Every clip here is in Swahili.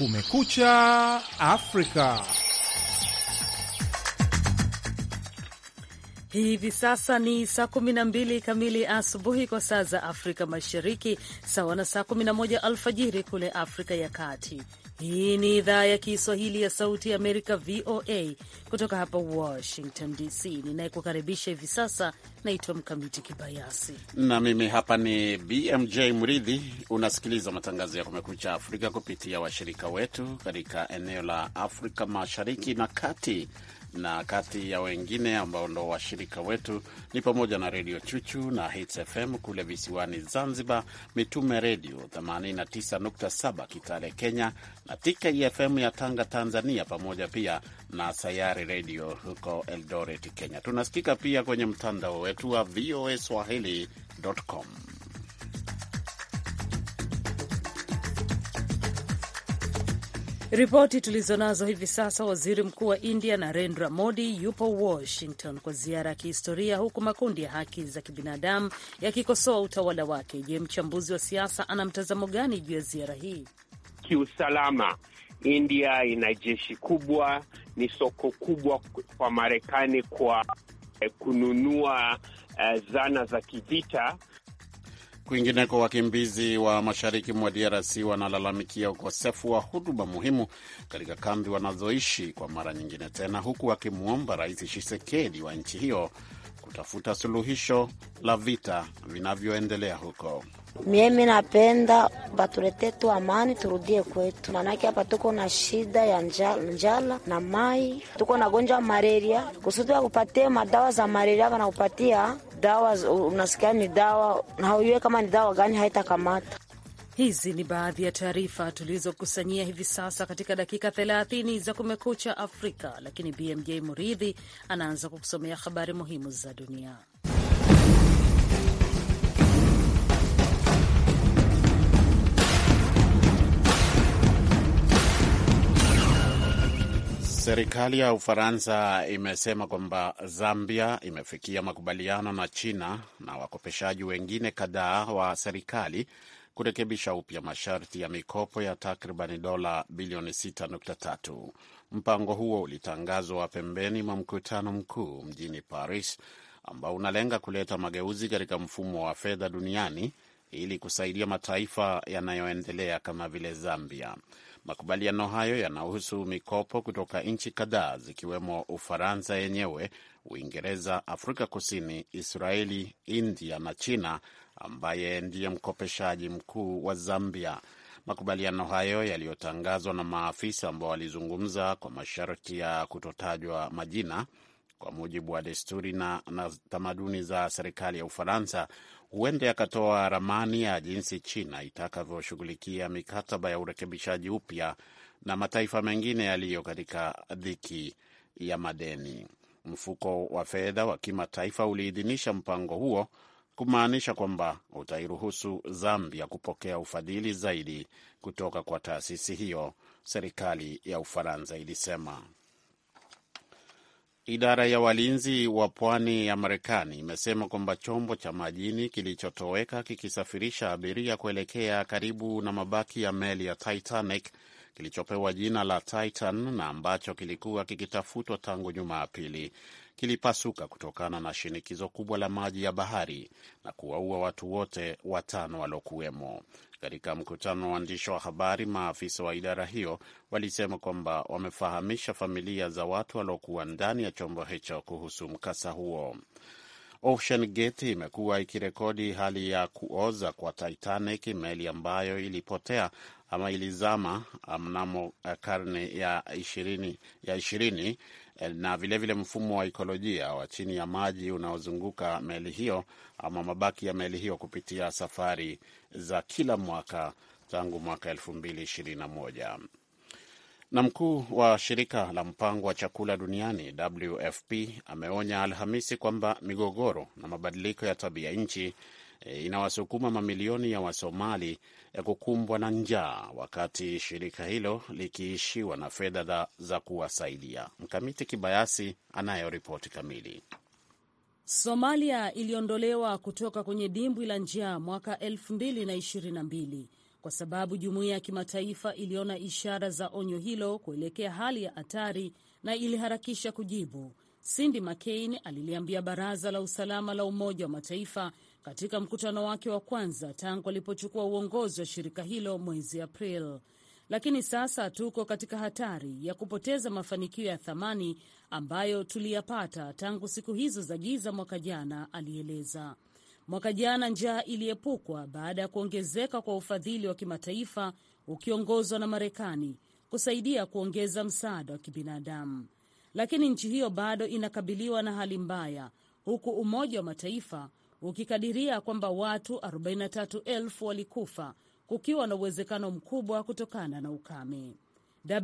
Kumekucha Afrika. Hivi sasa ni saa 12 kamili asubuhi kwa saa za Afrika Mashariki, sawa na saa 11 alfajiri kule Afrika ya Kati. Hii ni idhaa ya Kiswahili ya Sauti ya Amerika, VOA, kutoka hapa Washington DC. Ninayekukaribisha hivi sasa naitwa Mkamiti Kibayasi na mimi hapa ni BMJ Mridhi. Unasikiliza matangazo ya Kumekucha Afrika kupitia washirika wetu katika eneo la Afrika Mashariki na Kati na kati ya wengine ambao ndo washirika wetu ni pamoja na Redio Chuchu na Hits FM kule visiwani Zanzibar, Mitume Redio 89.7 Kitale Kenya, na TKFM e ya Tanga Tanzania, pamoja pia na Sayari Redio huko Eldoret Kenya. Tunasikika pia kwenye mtandao wetu wa VOA swahili.com. Ripoti tulizonazo hivi sasa, waziri mkuu wa India Narendra Modi yupo Washington kwa ziara ya kihistoria, huku makundi ya haki za kibinadamu yakikosoa utawala wake. Je, mchambuzi wa siasa ana mtazamo gani juu ya ziara hii? Kiusalama, India ina jeshi kubwa, ni soko kubwa kwa Marekani kwa eh, kununua uh, zana za kivita Kwingineko, wakimbizi wa mashariki mwa DRC wanalalamikia ukosefu wa huduma muhimu katika kambi wanazoishi kwa mara nyingine tena, huku wakimwomba Rais Tshisekedi wa nchi hiyo kutafuta suluhisho la vita vinavyoendelea huko. Miemi napenda batulete tu amani, turudie kwetu, maanake hapa tuko na shida ya njala, njala na mai, tuko na gonjwa malaria, kusudi wakupatie madawa za malaria wanakupatia dawa unasikia ni dawa, na haujue kama ni dawa gani haitakamata. Hizi ni baadhi ya taarifa tulizokusanyia hivi sasa katika dakika 30 za Kumekucha Afrika, lakini BMJ Muridhi anaanza kukusomea habari muhimu za dunia. Serikali ya Ufaransa imesema kwamba Zambia imefikia makubaliano na China na wakopeshaji wengine kadhaa wa serikali kurekebisha upya masharti ya mikopo ya takribani dola bilioni 6.3. Mpango huo ulitangazwa pembeni mwa mkutano mkuu mjini Paris ambao unalenga kuleta mageuzi katika mfumo wa fedha duniani ili kusaidia mataifa yanayoendelea kama vile Zambia. Makubaliano hayo yanahusu mikopo kutoka nchi kadhaa zikiwemo Ufaransa yenyewe, Uingereza, Afrika Kusini, Israeli, India na China, ambaye ndiye mkopeshaji mkuu wa Zambia. Makubaliano hayo yaliyotangazwa na maafisa ambao walizungumza kwa masharti ya kutotajwa majina, kwa mujibu wa desturi na, na tamaduni za serikali ya Ufaransa, huende akatoa ramani ya jinsi China itakavyoshughulikia mikataba ya urekebishaji upya na mataifa mengine yaliyo katika dhiki ya madeni. Mfuko wa fedha wa kimataifa uliidhinisha mpango huo kumaanisha kwamba utairuhusu Zambia kupokea ufadhili zaidi kutoka kwa taasisi hiyo, serikali ya Ufaransa ilisema. Idara ya walinzi wa pwani ya Marekani imesema kwamba chombo cha majini kilichotoweka kikisafirisha abiria kuelekea karibu na mabaki ya meli ya Titanic kilichopewa jina la Titan na ambacho kilikuwa kikitafutwa tangu Jumapili kilipasuka kutokana na shinikizo kubwa la maji ya bahari na kuwaua watu wote watano waliokuwemo. Katika mkutano wa waandishi wa habari, maafisa wa idara hiyo walisema kwamba wamefahamisha familia za watu waliokuwa ndani ya chombo hicho kuhusu mkasa huo. Ocean Gate imekuwa ikirekodi hali ya kuoza kwa Titanic, meli ambayo ilipotea ama ilizama mnamo karne ya ishirini ya ishirini na vilevile vile mfumo wa ikolojia wa chini ya maji unaozunguka meli hiyo ama mabaki ya meli hiyo kupitia safari za kila mwaka tangu mwaka 2021. Na mkuu wa shirika la mpango wa chakula duniani WFP ameonya Alhamisi kwamba migogoro na mabadiliko ya tabia nchi Eh, inawasukuma mamilioni ya Wasomali ya eh, kukumbwa na njaa, wakati shirika hilo likiishiwa na fedha za kuwasaidia. Mkamiti Kibayasi anayo ripoti kamili. Somalia iliondolewa kutoka kwenye dimbwi la njaa mwaka 2022 kwa sababu jumuiya ya kimataifa iliona ishara za onyo hilo kuelekea hali ya hatari na iliharakisha kujibu. Cindy McCain aliliambia Baraza la Usalama la Umoja wa Mataifa katika mkutano wake wa kwanza tangu alipochukua uongozi wa shirika hilo mwezi april Lakini sasa tuko katika hatari ya kupoteza mafanikio ya thamani ambayo tuliyapata tangu siku hizo za giza mwaka jana, alieleza. Mwaka jana njaa iliepukwa baada ya kuongezeka kwa ufadhili wa kimataifa ukiongozwa na Marekani kusaidia kuongeza msaada wa kibinadamu, lakini nchi hiyo bado inakabiliwa na hali mbaya, huku Umoja wa Mataifa ukikadiria kwamba watu 43,000 walikufa kukiwa na uwezekano mkubwa kutokana na ukame.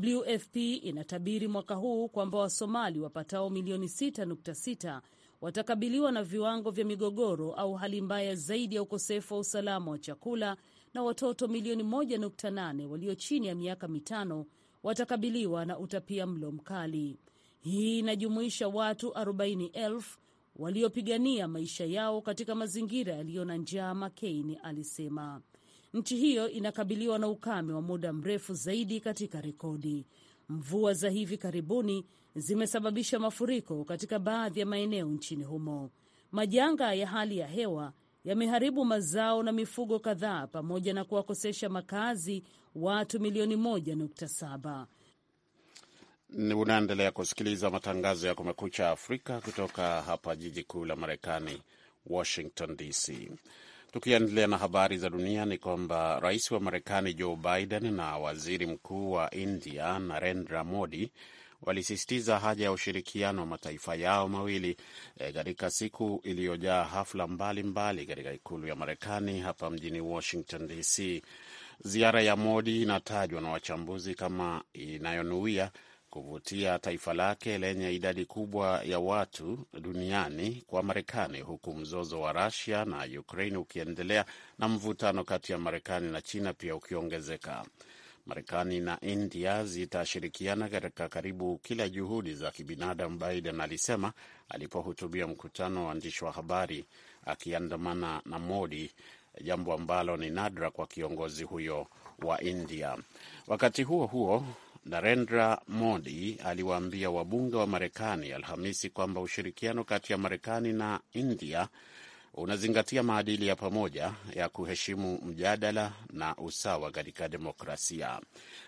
WFP inatabiri mwaka huu kwamba Wasomali wapatao milioni 6.6 watakabiliwa na viwango vya migogoro au hali mbaya zaidi ya ukosefu wa usalama wa chakula, na watoto milioni 1.8 walio chini ya miaka mitano watakabiliwa na utapia mlo mkali. Hii inajumuisha watu 40,000 waliopigania maisha yao katika mazingira yaliyo na njaa, McCain alisema. Nchi hiyo inakabiliwa na ukame wa muda mrefu zaidi katika rekodi. Mvua za hivi karibuni zimesababisha mafuriko katika baadhi ya maeneo nchini humo. Majanga ya hali ya hewa yameharibu mazao na mifugo kadhaa pamoja na kuwakosesha makazi watu milioni 1.7. Unaendelea kusikiliza matangazo ya Kumekucha Afrika kutoka hapa jiji kuu la Marekani, Washington DC. Tukiendelea na habari za dunia, ni kwamba rais wa Marekani Joe Biden na waziri mkuu wa India Narendra Modi walisisitiza haja ya ushirikiano wa mataifa yao mawili eh, katika siku iliyojaa hafla mbalimbali katika ikulu ya Marekani hapa mjini Washington DC. Ziara ya Modi inatajwa na wachambuzi kama inayonuia kuvutia taifa lake lenye idadi kubwa ya watu duniani kwa Marekani, huku mzozo wa Rusia na Ukraine ukiendelea na mvutano kati ya Marekani na China pia ukiongezeka. Marekani na India zitashirikiana katika karibu kila juhudi za kibinadamu, Biden alisema alipohutubia mkutano wa waandishi wa habari akiandamana na Modi, jambo ambalo ni nadra kwa kiongozi huyo wa India. Wakati huo huo, Narendra Modi aliwaambia wabunge wa Marekani Alhamisi kwamba ushirikiano kati ya Marekani na India unazingatia maadili ya pamoja ya kuheshimu mjadala na usawa katika demokrasia.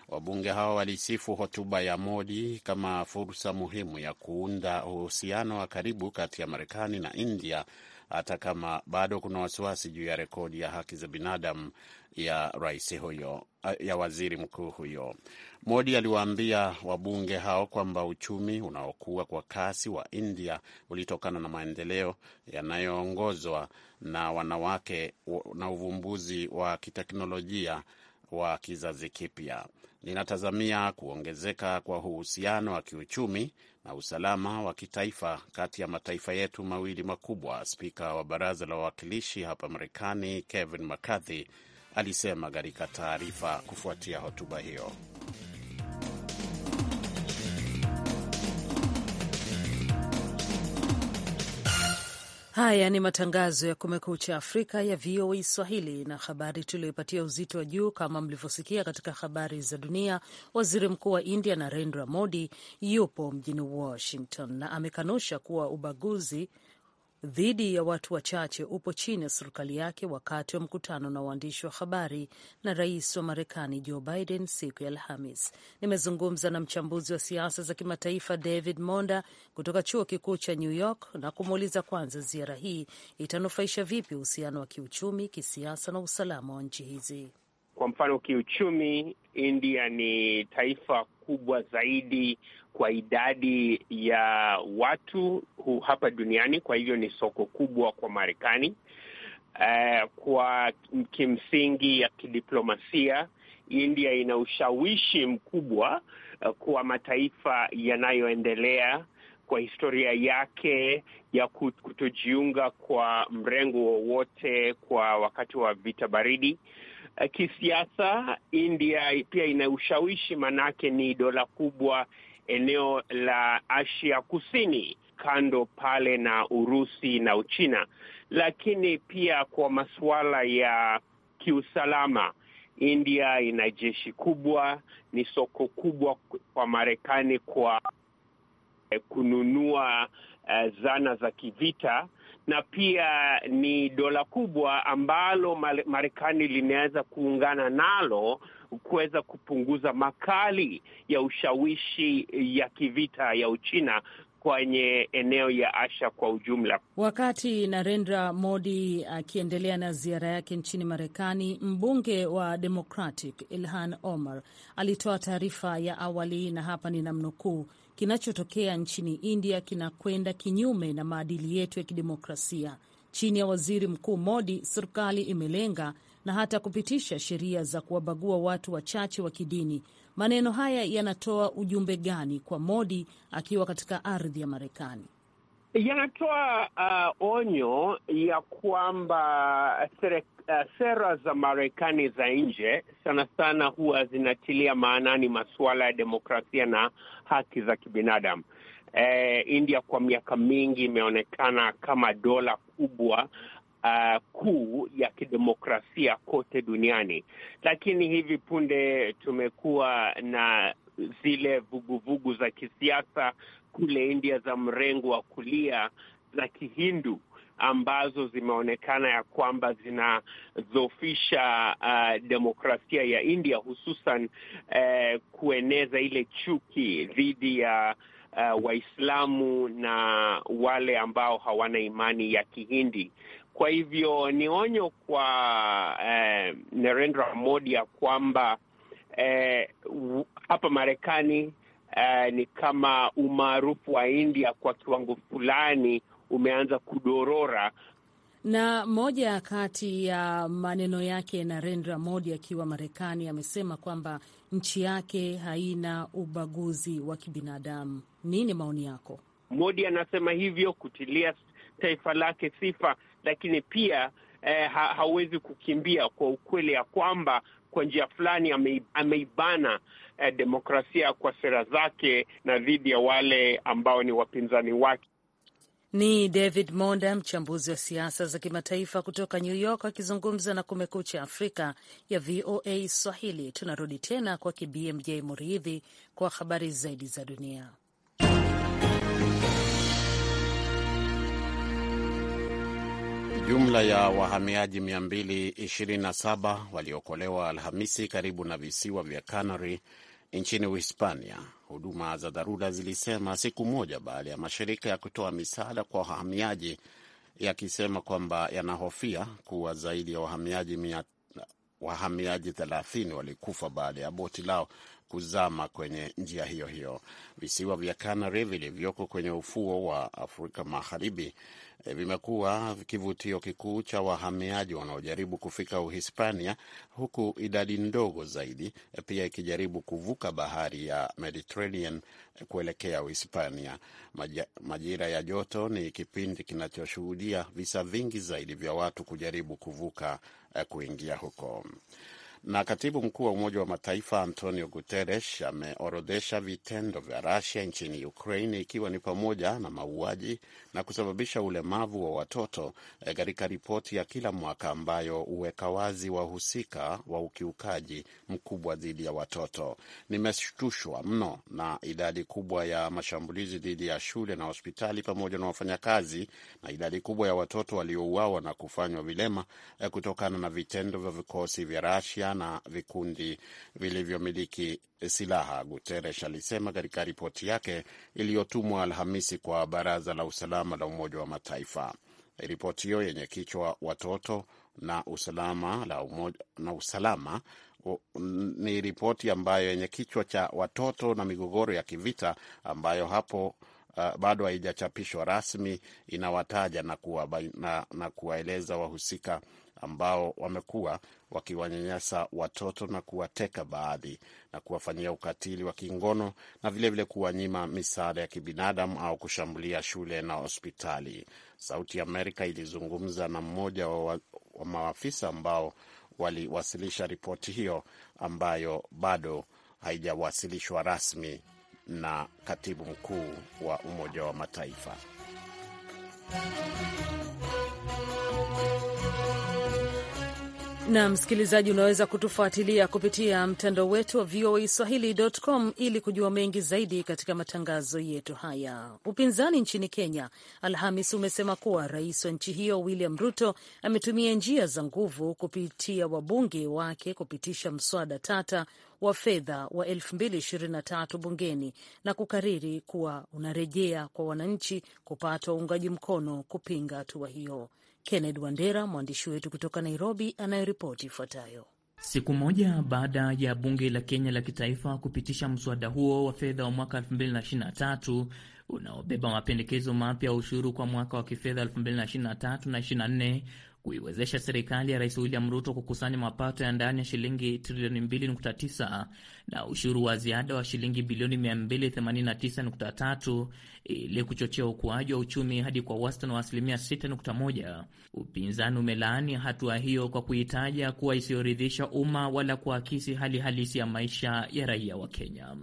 Wabunge hawa walisifu hotuba ya Modi kama fursa muhimu ya kuunda uhusiano wa karibu kati ya Marekani na India, hata kama bado kuna wasiwasi juu ya rekodi ya haki za binadamu ya rais huyo eh, ya waziri mkuu huyo. Modi aliwaambia wabunge hao kwamba uchumi unaokua kwa kasi wa India ulitokana na maendeleo yanayoongozwa na wanawake na uvumbuzi wa kiteknolojia wa kizazi kipya. Ninatazamia kuongezeka kwa uhusiano wa kiuchumi na usalama wa kitaifa kati ya mataifa yetu mawili makubwa, spika wa baraza la wawakilishi hapa Marekani Kevin McCarthy alisema katika taarifa kufuatia hotuba hiyo. Haya ni matangazo ya Kumekucha Afrika ya VOA Swahili, na habari tuliyoipatia uzito wa juu kama mlivyosikia katika habari za dunia, waziri mkuu wa India Narendra Modi yupo mjini Washington na amekanusha kuwa ubaguzi dhidi ya watu wachache upo chini ya serikali yake wakati wa mkutano na waandishi wa habari na rais wa Marekani Joe Biden siku ya Alhamis. Nimezungumza na mchambuzi wa siasa za kimataifa David Monda kutoka chuo kikuu cha New York na kumuuliza kwanza, ziara hii itanufaisha vipi uhusiano wa kiuchumi, kisiasa na usalama wa nchi hizi? Kwa mfano kiuchumi, India ni taifa kubwa zaidi kwa idadi ya watu hu hapa duniani, kwa hivyo ni soko kubwa kwa Marekani. Uh, kwa kimsingi ya kidiplomasia India ina ushawishi mkubwa uh, kwa mataifa yanayoendelea kwa historia yake ya kutojiunga kwa mrengo wowote kwa wakati wa vita baridi. Eh, kisiasa, India pia ina ushawishi, manake ni dola kubwa eneo la Asia Kusini kando pale na Urusi na Uchina, lakini pia kwa masuala ya kiusalama India ina jeshi kubwa, ni soko kubwa kwa Marekani kwa eh, kununua uh, zana za kivita na pia ni dola kubwa ambalo Marekani linaweza kuungana nalo kuweza kupunguza makali ya ushawishi ya kivita ya Uchina kwenye eneo ya Asia kwa ujumla. Wakati Narendra Modi akiendelea na ziara yake nchini Marekani, mbunge wa Democratic Ilhan Omar alitoa taarifa ya awali, na hapa ninamnukuu: kinachotokea nchini India kinakwenda kinyume na maadili yetu ya kidemokrasia. Chini ya waziri mkuu Modi, serikali imelenga na hata kupitisha sheria za kuwabagua watu wachache wa kidini. Maneno haya yanatoa ujumbe gani kwa Modi akiwa katika ardhi ya Marekani? Yanatoa uh, onyo ya kwamba uh, sera za Marekani za nje sana sana huwa zinatilia maanani masuala ya demokrasia na haki za kibinadamu. Eh, India kwa miaka mingi imeonekana kama dola kubwa uh, kuu ya kidemokrasia kote duniani, lakini hivi punde tumekuwa na zile vuguvugu vugu za kisiasa kule India za mrengo wa kulia za Kihindu ambazo zimeonekana ya kwamba zinadhofisha uh, demokrasia ya India hususan uh, kueneza ile chuki dhidi ya uh, Waislamu na wale ambao hawana imani ya Kihindi. Kwa hivyo ni onyo kwa eh, Narendra Modi ya kwamba eh, hapa Marekani eh, ni kama umaarufu wa India kwa kiwango fulani umeanza kudorora na moja kati ya maneno yake Narendra Modi akiwa Marekani amesema kwamba nchi yake haina ubaguzi wa kibinadamu. Nini maoni yako? Modi anasema hivyo kutilia taifa lake sifa, lakini pia eh, ha, hawezi kukimbia kwa ukweli ya kwamba kwa njia fulani ame, ameibana eh, demokrasia kwa sera zake na dhidi ya wale ambao ni wapinzani wake. Ni David Monda, mchambuzi wa siasa za kimataifa kutoka New York, akizungumza na Kumekucha Afrika ya VOA Swahili. Tunarudi tena kwa BMJ Muridhi kwa habari zaidi za dunia. Jumla ya wahamiaji 227 waliokolewa Alhamisi karibu na visiwa vya Canary nchini Uhispania, huduma za dharura zilisema siku moja baada ya mashirika ya kutoa misaada kwa wahamiaji yakisema kwamba yanahofia kuwa zaidi ya wahamiaji mia, wahamiaji 30 walikufa baada ya boti lao kuzama kwenye njia hiyo hiyo. Visiwa vya Canary vilivyoko kwenye ufuo wa Afrika Magharibi e, vimekuwa kivutio kikuu cha wahamiaji wanaojaribu kufika Uhispania, huku idadi ndogo zaidi eh, pia ikijaribu kuvuka bahari ya Mediterranean eh, kuelekea Uhispania. Majira ya joto ni kipindi kinachoshuhudia visa vingi zaidi vya watu kujaribu kuvuka kuingia huko. Na katibu mkuu wa Umoja wa Mataifa Antonio Guterres ameorodhesha vitendo vya Rusia nchini Ukraine, ikiwa ni pamoja na mauaji, na kusababisha ulemavu wa watoto eh, katika ripoti ya kila mwaka ambayo huweka wazi wahusika wa ukiukaji mkubwa dhidi ya watoto. Nimeshtushwa mno na idadi kubwa ya mashambulizi dhidi ya shule na hospitali pamoja na wafanyakazi na idadi kubwa ya watoto waliouawa na kufanywa vilema eh, kutokana na vitendo vya vikosi vya Rasia na vikundi vilivyomiliki eh, silaha, Guterres alisema katika ripoti yake iliyotumwa Alhamisi kwa Baraza la Usalama usalama la Umoja wa Mataifa. Ripoti hiyo yenye kichwa watoto na usalama la umoja, na usalama o, ni ripoti ambayo yenye kichwa cha watoto na migogoro ya kivita ambayo hapo uh, bado haijachapishwa rasmi, inawataja na kuwaeleza wahusika ambao wamekuwa wakiwanyanyasa watoto na kuwateka baadhi na kuwafanyia ukatili wa kingono na vilevile kuwanyima misaada ya kibinadamu au kushambulia shule na hospitali. Sauti ya Amerika ilizungumza na mmoja wa maafisa ambao waliwasilisha ripoti hiyo ambayo bado haijawasilishwa rasmi na katibu mkuu wa Umoja wa Mataifa na msikilizaji, unaweza kutufuatilia kupitia mtandao wetu wa VOA Swahili.com ili kujua mengi zaidi katika matangazo yetu haya. Upinzani nchini Kenya Alhamis umesema kuwa rais wa nchi hiyo William Ruto ametumia njia za nguvu kupitia wabunge wake kupitisha mswada tata wa fedha wa 2023 bungeni na kukariri kuwa unarejea kwa wananchi kupata uungaji mkono kupinga hatua hiyo. Kennedy Wandera, mwandishi wetu kutoka Nairobi, anayeripoti ifuatayo. Siku moja baada ya bunge la Kenya la kitaifa kupitisha mswada huo wa fedha wa mwaka 2023 unaobeba mapendekezo mapya ya ushuru kwa mwaka wa kifedha 2023 na 24 kuiwezesha serikali ya Rais William Ruto kukusanya mapato ya ndani ya shilingi trilioni 2.9 na ushuru wa ziada wa shilingi bilioni 289.3 ili kuchochea ukuaji wa uchumi hadi kwa wastani wa asilimia 6.1. Upinzani umelaani hatua hiyo kwa kuitaja kuwa isiyoridhisha umma wala kuakisi hali halisi ya maisha ya raia wa Kenya.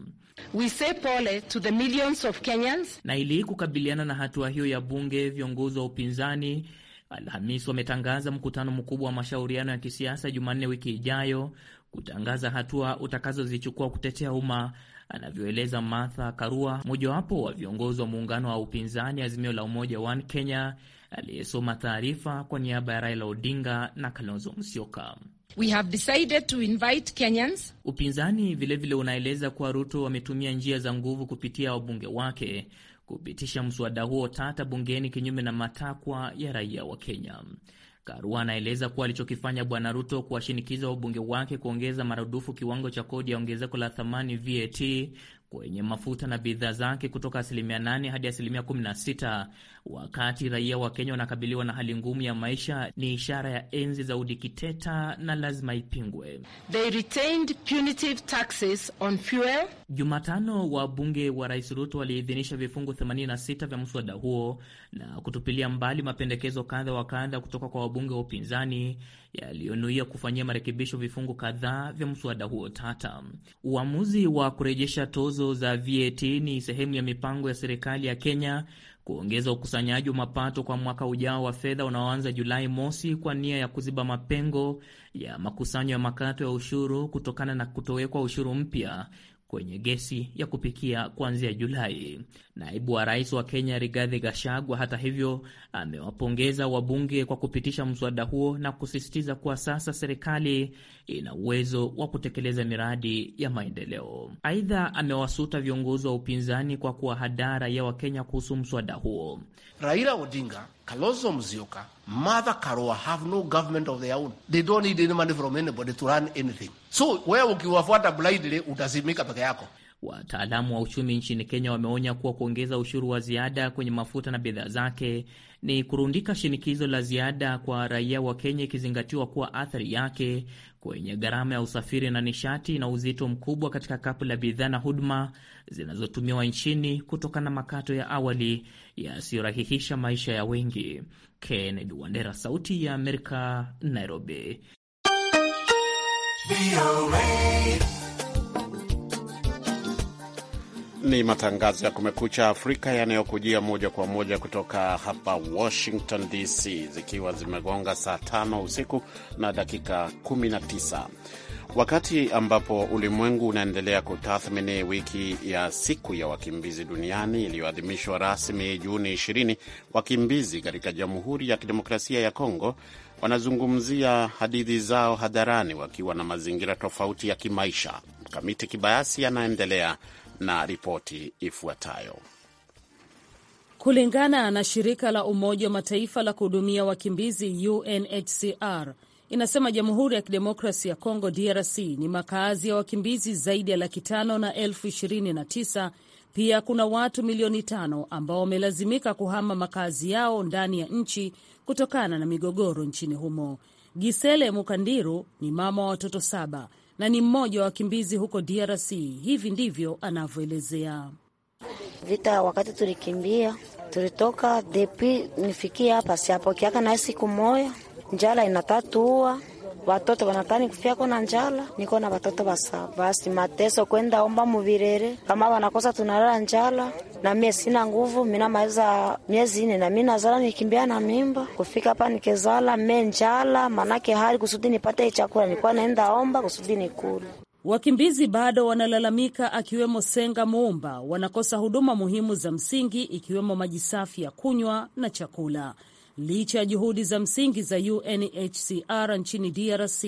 We say pole to the millions of Kenyans. Na ili kukabiliana na hatua hiyo ya bunge, viongozi wa upinzani Alhamis wametangaza mkutano mkubwa wa mashauriano ya kisiasa Jumanne wiki ijayo kutangaza hatua utakazozichukua kutetea umma, anavyoeleza Martha Karua, mojawapo wa viongozi wa muungano wa upinzani Azimio la Umoja One Kenya, aliyesoma taarifa kwa niaba ya Raila Odinga na Kalonzo Musyoka. We have decided to invite Kenyans. Upinzani vilevile unaeleza kuwa Ruto ametumia njia za nguvu kupitia wabunge wake kupitisha mswada huo tata bungeni kinyume na matakwa ya raia wa Kenya. Karua anaeleza kuwa alichokifanya Bwana Ruto kuwashinikiza wabunge wake kuongeza maradufu kiwango cha kodi ya ongezeko la thamani VAT kwenye mafuta na bidhaa zake kutoka asilimia 8 hadi asilimia 16. Wakati raia wa Kenya wanakabiliwa na hali ngumu ya maisha, ni ishara ya enzi za udikiteta na lazima ipingwe. They retained punitive taxes on fuel. Jumatano wabunge wa Rais Ruto waliidhinisha vifungu 86 vya mswada huo na kutupilia mbali mapendekezo kadha wa kadha kutoka kwa wabunge wa upinzani yaliyonuia kufanyia marekebisho vifungu kadhaa vya mswada huo tata. Uamuzi wa kurejesha tozo za VAT ni sehemu ya mipango ya serikali ya Kenya kuongeza ukusanyaji wa mapato kwa mwaka ujao wa fedha unaoanza Julai mosi kwa nia ya kuziba mapengo ya makusanyo ya makato ya ushuru kutokana na kutowekwa ushuru mpya kwenye gesi ya kupikia kuanzia Julai. Naibu wa rais wa Kenya Rigathi Gachagua, hata hivyo, amewapongeza wabunge kwa kupitisha mswada huo na kusisitiza kuwa sasa serikali ina uwezo wa kutekeleza miradi ya maendeleo. Aidha, amewasuta viongozi wa upinzani kwa kuwahadaa raia wa Kenya kuhusu mswada huo. Raila Odinga, Kalonzo Musyoka Mother Karua have no government of their own. They don't need any money from anybody to run anything. So wewe ukiwafuata blindly utazimika peke yako. Wataalamu wa uchumi nchini Kenya wameonya kuwa kuongeza ushuru wa ziada kwenye mafuta na bidhaa zake ni kurundika shinikizo la ziada kwa raia wa Kenya, ikizingatiwa kuwa athari yake kwenye gharama ya usafiri na nishati na uzito mkubwa katika kapu la bidhaa na huduma zinazotumiwa nchini kutokana na makato ya awali yasiyorahihisha maisha ya wengi. Kennedy Wandera, Sauti ya Amerika, Nairobi. Ni matangazo ya Kumekucha Afrika yanayokujia moja kwa moja kutoka hapa Washington DC, zikiwa zimegonga saa tano usiku na dakika 19 Wakati ambapo ulimwengu unaendelea kutathmini wiki ya siku ya wakimbizi duniani iliyoadhimishwa rasmi Juni 20, wakimbizi katika Jamhuri ya Kidemokrasia ya Kongo wanazungumzia hadithi zao hadharani wakiwa na mazingira tofauti ya kimaisha. Mkamiti Kibayasi anaendelea na ripoti ifuatayo. Kulingana na shirika la Umoja wa Mataifa la kuhudumia wakimbizi UNHCR inasema Jamhuri ya Kidemokrasi ya Kongo DRC ni makaazi ya wakimbizi zaidi ya laki tano na elfu ishirini na tisa. Pia kuna watu milioni tano ambao wamelazimika kuhama makazi yao ndani ya nchi kutokana na migogoro nchini humo. Gisele Mukandiru ni mama wa watoto saba na ni mmoja wa wakimbizi huko DRC. Hivi ndivyo anavyoelezea vita. Wakati tulikimbia tulitoka depi nifikia hapa siapokeaka naye siku moya njala inatatua watoto wanatani kufia kona njala, niko na watoto basaba, basi mateso kwenda omba muvirere, kama wanakosa tunalala njala. Na mie sina nguvu, minamaliza miezi ine na mi nazala nikimbia na mimba, kufika hapa nikezala me njala, manake hali kusudi nipate chakula nilikuwa naenda omba kusudi nikule. Wakimbizi bado wanalalamika, akiwemo Senga Muumba, wanakosa huduma muhimu za msingi ikiwemo maji safi ya kunywa na chakula licha ya juhudi za msingi za UNHCR nchini DRC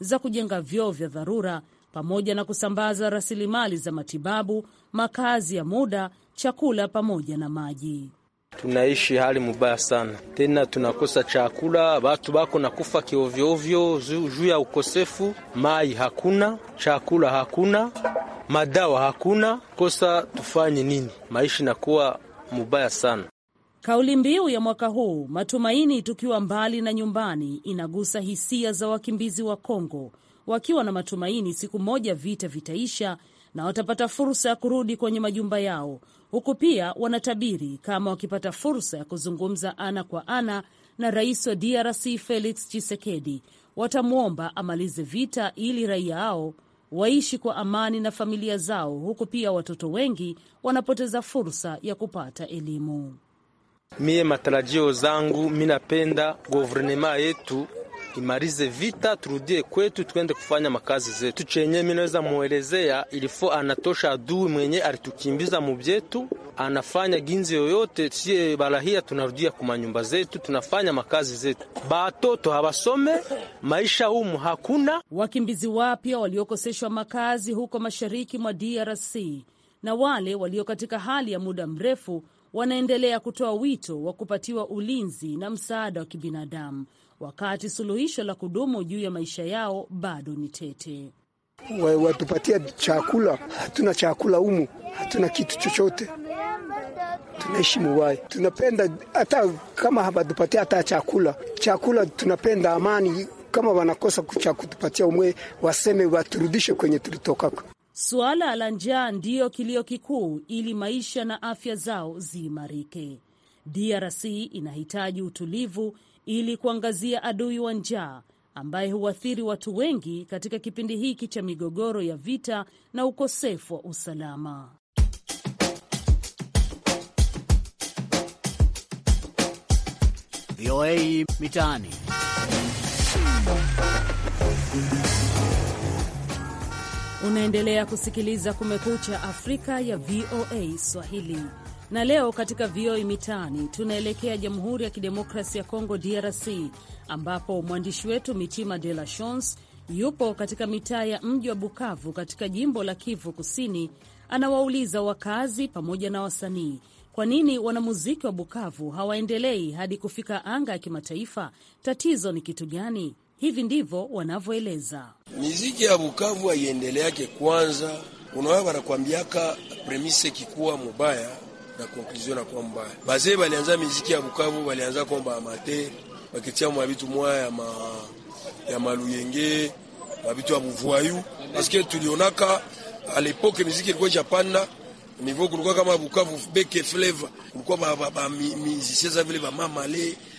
za kujenga vyoo vya dharura pamoja na kusambaza rasilimali za matibabu, makazi ya muda, chakula pamoja na maji. Tunaishi hali mubaya sana tena, tunakosa chakula, watu bako kufa kiovyoovyo juu ya ukosefu. Mai hakuna, chakula hakuna, madawa hakuna. Kosa tufanye nini? Maisha inakuwa mubaya sana. Kauli mbiu ya mwaka huu matumaini tukiwa mbali na nyumbani inagusa hisia za wakimbizi wa Kongo wakiwa na matumaini siku moja vita vitaisha na watapata fursa ya kurudi kwenye majumba yao, huku pia wanatabiri kama wakipata fursa ya kuzungumza ana kwa ana na rais wa DRC Felix Tshisekedi watamwomba amalize vita ili raia hao waishi kwa amani na familia zao, huku pia watoto wengi wanapoteza fursa ya kupata elimu. Mie matarajio zangu minapenda guvernema yetu imarize vita, turudie kwetu, twende kufanya makazi zetu. Chenye mimi naweza ilifo anatosha adui mwenye alitukimbiza mubyetu, anafanya ginzi yoyote, sie barahia tunarudia kumanyumba zetu, tunafanya makazi zetu, batoto habasome maisha humu hakuna. Wakimbizi wapya waliokoseshwa makazi huko mashariki mwa DRC na wale walio katika hali ya muda mrefu wanaendelea kutoa wito wa kupatiwa ulinzi na msaada wa kibinadamu wakati suluhisho la kudumu juu ya maisha yao bado ni tete. Watupatia chakula, hatuna chakula humu, hatuna kitu chochote, tunaishi muwai. Tunapenda hata kama hawatupatia hata chakula, chakula tunapenda amani. Kama wanakosa cha kutupatia umwe, waseme waturudishe kwenye tulitokaka. Suala la njaa ndiyo kilio kikuu ili maisha na afya zao ziimarike. DRC inahitaji utulivu ili kuangazia adui wa njaa ambaye huathiri watu wengi katika kipindi hiki cha migogoro ya vita na ukosefu wa usalama. VOA Mitaani. Unaendelea kusikiliza Kumekucha Afrika ya VOA Swahili, na leo katika VOA Mitaani tunaelekea Jamhuri ya Kidemokrasi ya Kongo, DRC, ambapo mwandishi wetu Mitima De La Shons yupo katika mitaa ya mji wa Bukavu katika jimbo la Kivu Kusini. Anawauliza wakazi pamoja na wasanii kwa nini wanamuziki wa Bukavu hawaendelei hadi kufika anga ya kimataifa. Tatizo ni kitu gani? Hivi ndivyo wanavyoeleza. Miziki ya Bukavu haiendeleake kwanza, unawa wanakwambiaka premise kikuwa mubaya na konkluzion nakuwa mubaya. Bazee walianza miziki ya Bukavu walianza komba amater bakitia mwa vitu ya, ma, ya maluyenge mabitu ya buvuayu paske tulionaka alepoke miziki ilikuwa japanda nivo kulikuwa kama Bukavu beke fleva kulikuwa bamizisia za vile bamamale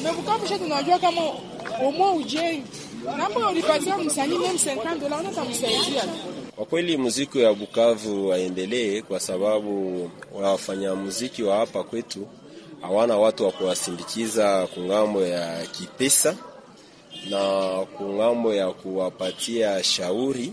Mmevukamusha, tunajua kama omwe ujei namba ulipatia msanii meme 50 dola unaweza kumsaidia. Kwa kweli muziki ya Bukavu waendelee, kwa sababu wafanya muziki wa hapa kwetu hawana watu wa kuwasindikiza kungambo ya kipesa na kungambo ya kuwapatia shauri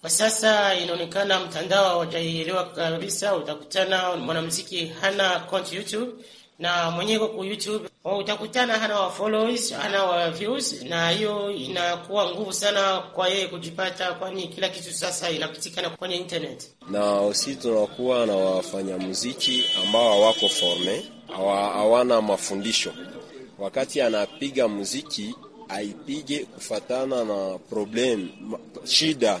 Kwa sasa inaonekana mtandao haujaelewa kabisa, utakutana mwanamuziki hana account YouTube na mwenyewe kwa YouTube oh, utakutana hana wa followers, hana wa views, na hiyo inakuwa nguvu sana kwa yeye kujipata, kwani kila kitu sasa inapitikana kwenye internet. Na sisi tunakuwa na wafanya muziki ambao hawako forme, hawana mafundisho. Wakati anapiga muziki aipige kufatana na problem, shida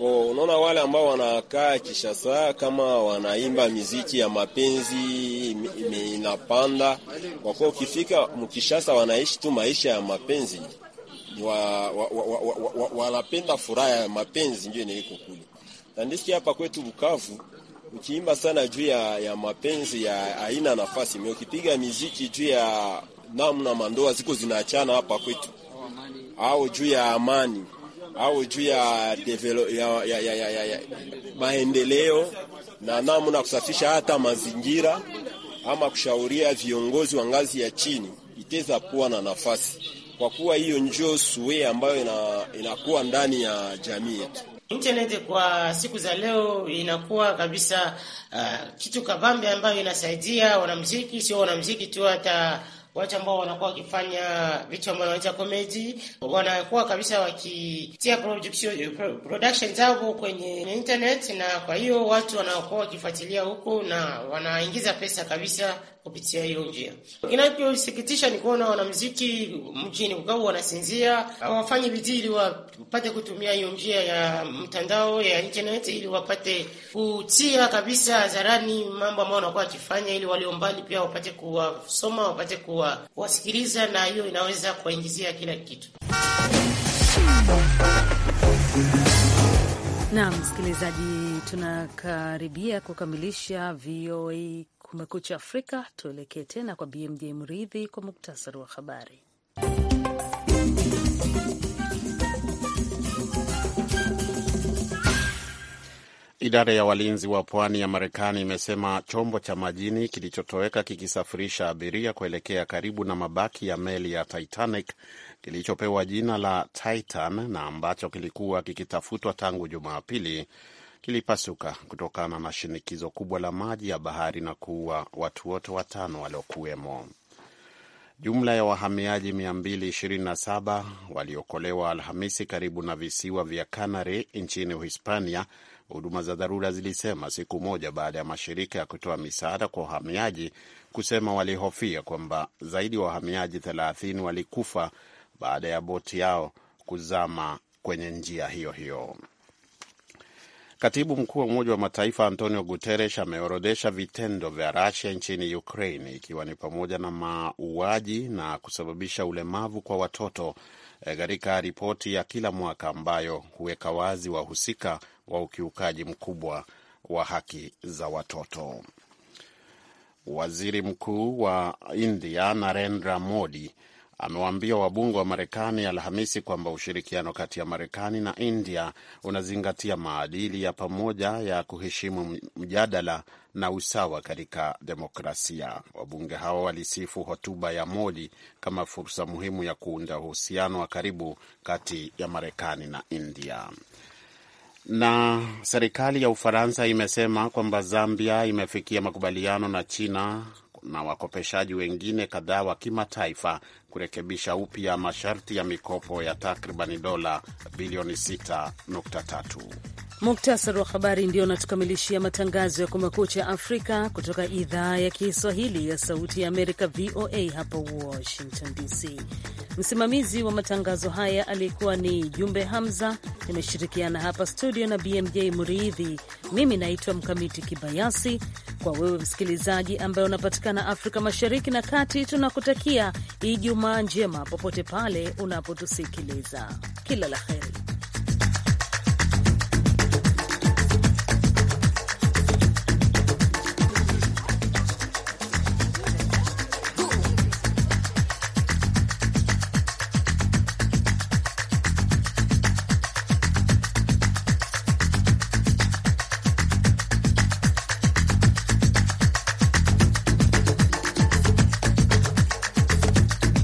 Bo, unaona wale ambao wanakaa Kishasa kama wanaimba miziki ya mapenzi inapanda, kwa kuwa ukifika mkishasa wanaishi tu maisha ya mapenzi wanapenda wa, wa, wa, wa, furaha ya mapenzi ndio inaiko kule tandisiki. Hapa kwetu Bukavu ukiimba sana juu ya, ya mapenzi ya aina nafasi mimi, ukipiga miziki juu ya namna mandoa ziko zinaachana hapa kwetu, au juu ya amani au juu ya, ya, ya, ya, ya, ya maendeleo na namna kusafisha hata mazingira ama kushauria viongozi wa ngazi ya chini iteza kuwa na nafasi, kwa kuwa hiyo njo suwe ambayo ina, inakuwa ndani ya jamii yetu. Internet kwa siku za leo inakuwa kabisa uh, kitu kabambe ambayo inasaidia wanamuziki, sio wanamuziki tu hata watu ambao wanakuwa wakifanya vitu ambao wanaita komedi, wanakuwa kabisa wakitia production zao kwenye internet, na kwa hiyo watu wanakuwa wakifuatilia huku na wanaingiza pesa kabisa kupitia hiyo njia. Inachosikitisha ni kuona wanamuziki mjini ukau wanasinzia, hawafanyi bidii ili wapate kutumia hiyo njia ya mtandao ya internet, ili wapate kutia kabisa hadharani mambo ambayo wanakuwa wakifanya, ili walio mbali pia wapate kuwasoma, wapate kuwasikiliza, na hiyo inaweza kuwaingizia kila kitu. Na msikilizaji, tunakaribia kukamilisha VOA Kumekucha Afrika. Tuelekee tena kwa BMJ Mridhi kwa muktasari wa habari. Idara ya walinzi wa pwani ya Marekani imesema chombo cha majini kilichotoweka kikisafirisha abiria kuelekea karibu na mabaki ya meli ya Titanic kilichopewa jina la Titan na ambacho kilikuwa kikitafutwa tangu Jumapili kilipasuka kutokana na shinikizo kubwa la maji ya bahari na kuua watu wote watano waliokuwemo. Jumla ya wahamiaji 227 waliokolewa Alhamisi karibu na visiwa vya Canary nchini Uhispania, huduma za dharura zilisema siku moja baada ya mashirika ya kutoa misaada kwa wahamiaji kusema walihofia kwamba zaidi ya wahamiaji 30 walikufa baada ya boti yao kuzama kwenye njia hiyo hiyo. Katibu mkuu wa Umoja wa Mataifa Antonio Guterres ameorodhesha vitendo vya Rusia nchini Ukraine, ikiwa ni pamoja na mauaji na kusababisha ulemavu kwa watoto eh, katika ripoti ya kila mwaka ambayo huweka wazi wahusika wa ukiukaji mkubwa wa haki za watoto. Waziri mkuu wa India Narendra Modi amewaambia wabunge wa Marekani Alhamisi kwamba ushirikiano kati ya Marekani na India unazingatia maadili ya pamoja ya kuheshimu mjadala na usawa katika demokrasia. Wabunge hao walisifu hotuba ya Modi kama fursa muhimu ya kuunda uhusiano wa karibu kati ya Marekani na India. Na serikali ya Ufaransa imesema kwamba Zambia imefikia makubaliano na China na wakopeshaji wengine kadhaa wa kimataifa kurekebisha upya masharti ya mikopo ya takribani dola bilioni 6.3. Muktasari wa habari ndio unatukamilishia matangazo ya Kumekucha Afrika kutoka idhaa ya Kiswahili ya Sauti ya Amerika, VOA hapa Washington DC. Msimamizi wa matangazo haya aliyekuwa ni Jumbe Hamza. Nimeshirikiana hapa studio na BMJ Muridhi. Mimi naitwa Mkamiti Kibayasi. Kwa wewe msikilizaji ambaye unapatikana Afrika Mashariki na Kati, tunakutakia Ijumaa njema popote pale unapotusikiliza. Kila la heri.